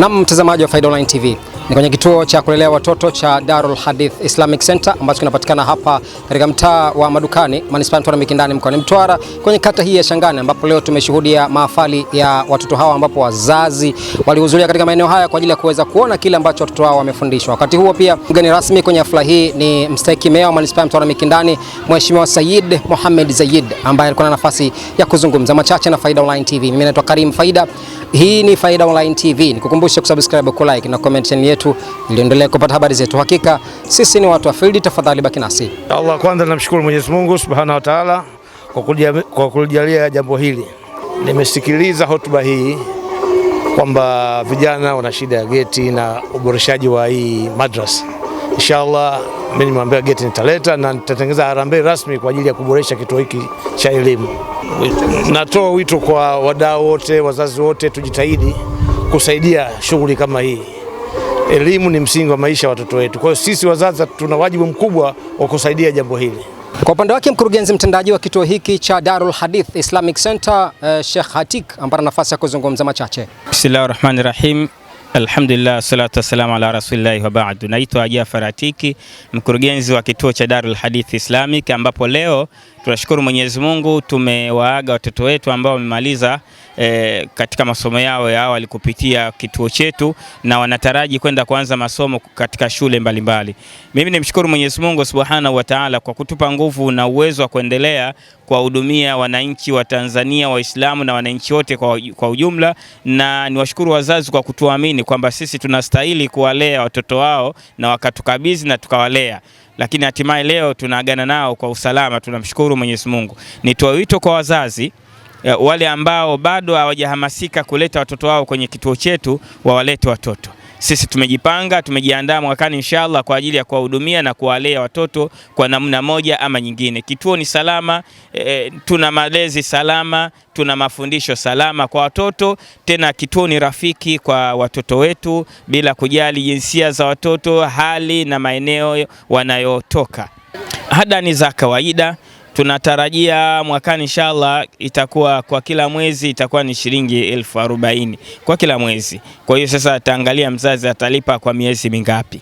Na mtazamaji wa Faida Online TV, ni kwenye kituo cha kulelea watoto cha Darul Hadith Islamic Center ambacho kinapatikana hapa katika mtaa wa Madukani, manispaa ya Mtwara Mikindani, mkoani Mtwara, kwenye kata hii ya Shangani, ambapo leo tumeshuhudia mahafali ya watoto hawa, ambapo wazazi walihudhuria katika maeneo haya kwa ajili ya kuweza kuona kile ambacho watoto hao wamefundishwa. Wakati huo pia, mgeni rasmi kwenye hafla hii ni mstahiki meya wa manispaa ya Mtwara Mikindani, Mheshimiwa Said Mohamed Zaid, ambaye alikuwa na nafasi ya kuzungumza machache na Faida Online TV. Mimi naitwa Karim Faida, hii ni Faida Online TV, nikukumbusha kusubscribe, kulike na comment yetu yetu ili endelee kupata habari zetu. Hakika sisi ni watu wa field, tafadhali baki nasi. Allah, kwanza namshukuru Mwenyezi Mungu Subhanahu wa Ta'ala kwa kulijalia jambo hili. Nimesikiliza hotuba hii kwamba vijana wana shida ya geti na uboreshaji wa hii madrasa. Inshallah mimi nimwambia geti nitaleta na nitatengeneza harambee rasmi kwa ajili ya kuboresha kituo hiki cha elimu. Natoa wito kwa wadau wote, wazazi wote, tujitahidi kusaidia shughuli kama hii elimu ni msingi wa maisha ya watoto wetu. Kwa hiyo sisi wazazi tuna wajibu mkubwa wa kusaidia jambo hili. Kwa upande wake mkurugenzi mtendaji wa kituo hiki cha Darul Hadith Islamic Center uh, Sheikh Hatik ambaye nafasi ya kuzungumza machache. Bismillahir Rahmanir Rahim. Alhamdulillah, salatu wassalamu ala rasulillahi wa ba'du. Naitwa Jafar Atiki, mkurugenzi wa kituo cha Darul Hadith Islamic, ambapo leo Tunashukuru Mwenyezi Mungu, tumewaaga watoto wetu ambao wamemaliza e, katika masomo yao ya awali kupitia kituo chetu na wanataraji kwenda kuanza masomo katika shule mbalimbali mbali. Mimi nimshukuru Mwenyezi Mungu Subhanahu wa Ta'ala kwa kutupa nguvu na uwezo wa kuendelea kuwahudumia wananchi wa Tanzania, Waislamu na wananchi wote kwa, kwa ujumla, na niwashukuru wazazi kwa kutuamini kwamba sisi tunastahili kuwalea watoto wao na wakatukabidhi na tukawalea lakini hatimaye leo tunaagana nao kwa usalama, tunamshukuru Mwenyezi Mungu. Nitoa wito kwa wazazi eh, wale ambao bado hawajahamasika kuleta watoto wao kwenye kituo chetu, wawalete watoto sisi tumejipanga, tumejiandaa mwakani inshallah kwa ajili ya kuwahudumia na kuwalea watoto kwa namna moja ama nyingine. Kituo ni salama e, tuna malezi salama, tuna mafundisho salama kwa watoto. Tena kituo ni rafiki kwa watoto wetu bila kujali jinsia za watoto, hali na maeneo wanayotoka. Ada ni za kawaida tunatarajia mwakani inshallah itakuwa kwa kila mwezi itakuwa ni shilingi elfu arobaini kwa kila mwezi. Kwa hiyo sasa ataangalia mzazi atalipa kwa miezi mingapi.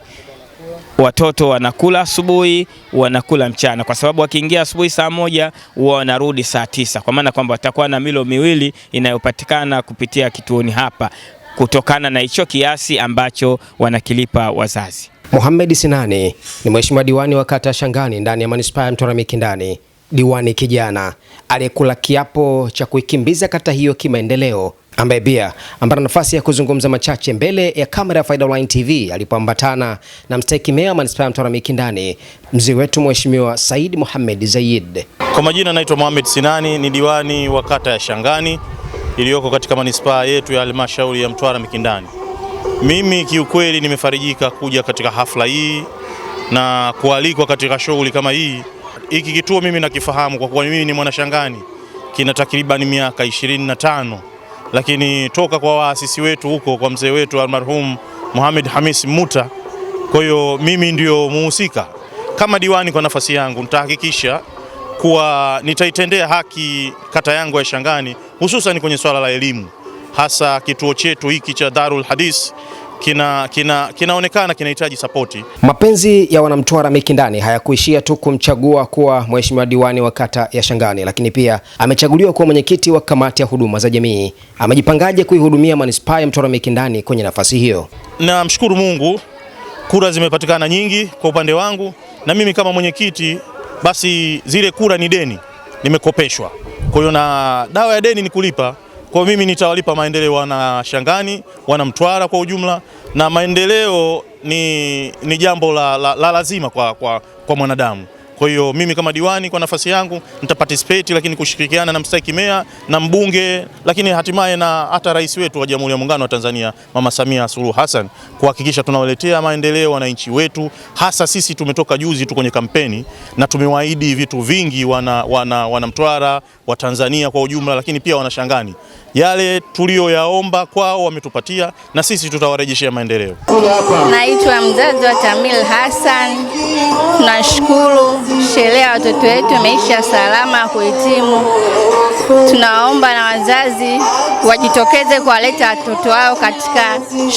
Watoto wanakula asubuhi, wanakula mchana, kwa sababu wakiingia asubuhi saa moja huwa wanarudi saa tisa, kwa maana kwamba watakuwa na milo miwili inayopatikana kupitia kituoni hapa kutokana na hicho kiasi ambacho wanakilipa wazazi. Mohamed Sinani ni mheshimiwa diwani wa kata Shangani ndani ya manispaa ya Mtwara Mikindani diwani kijana aliyekula kiapo cha kuikimbiza kata hiyo kimaendeleo, ambaye pia amepata nafasi ya kuzungumza machache mbele ya kamera ya Faida Online TV alipoambatana na mstahiki meya wa manispaa ya Mtwara Mikindani, mzee wetu Mheshimiwa Said Mohamed Zaid. Kwa majina naitwa Mohamed Sinani, ni diwani wa kata ya Shangani iliyoko katika manispaa yetu ya halmashauri ya Mtwara Mikindani. Mimi kiukweli nimefarijika kuja katika hafla hii na kualikwa katika shughuli kama hii hiki kituo mimi nakifahamu kwa kuwa mimi ni mwanashangani, kina takriban miaka ishirini na tano, lakini toka kwa waasisi wetu huko kwa mzee wetu almarhum Muhammad Hamis Muta. Kwa hiyo mimi ndio muhusika kama diwani. Kwa nafasi yangu nitahakikisha kuwa nitaitendea haki kata yangu ya Shangani, hususan kwenye swala la elimu, hasa kituo chetu hiki cha Darul Hadith kina kina, kinaonekana kinahitaji sapoti. Mapenzi ya wanamtwara Mikindani hayakuishia tu kumchagua kuwa mheshimiwa diwani wa kata ya Shangani, lakini pia amechaguliwa kuwa mwenyekiti wa kamati ya huduma za jamii. Amejipangaje kuihudumia manispaa ya Mtwara Mikindani kwenye nafasi hiyo? Namshukuru Mungu, kura zimepatikana nyingi kwa upande wangu, na mimi kama mwenyekiti, basi zile kura ni deni, nimekopeshwa. Kwa hiyo na dawa ya deni ni kulipa. Kwa mimi nitawalipa maendeleo wana Shangani, wana Mtwara kwa ujumla, na maendeleo ni, ni jambo la, la, la lazima kwa, kwa, kwa mwanadamu. Kwa hiyo mimi kama diwani kwa nafasi yangu nitaparticipate, lakini kushirikiana na mstahiki meya na mbunge, lakini hatimaye na hata rais wetu wa Jamhuri ya Muungano wa Tanzania Mama Samia Suluhu Hassan kuhakikisha tunawaletea maendeleo wananchi wetu, hasa sisi tumetoka juzi tu kwenye kampeni na tumewaahidi vitu vingi wana, wana, wana Mtwara wa Tanzania kwa ujumla, lakini pia wanashangani yale tuliyoyaomba kwao wametupatia, na sisi tutawarejeshea maendeleo. Naitwa mzazi wa Tamil Hassan. Tunashukuru sherehe ya watoto wetu imeisha salama kuhitimu. Tunaomba na wazazi wajitokeze kuwaleta watoto wao katika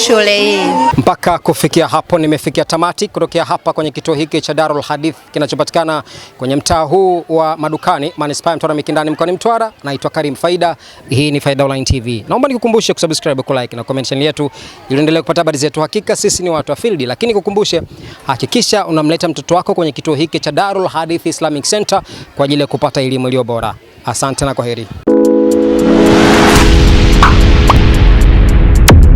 shule hii. Mpaka kufikia hapo nimefikia tamati kutokea hapa kwenye kituo hiki cha Darul Hadith kinachopatikana kwenye mtaa huu wa Madukani, Manispaa ya Mtwara Mikindani, mkoani Mtwara. Naitwa Karim Faida. Hii ni Faida Online TV. Naomba nikukumbushe kusubscribe, ku like na comment channel yetu ili uendelee kupata habari zetu. Hakika sisi ni watu wa field, lakini kukumbushe, hakikisha unamleta mtoto wako kwenye kituo hiki cha Darul Hadith Islamic Center kwa ajili ya kupata elimu iliyo bora. Asante na kwaheri.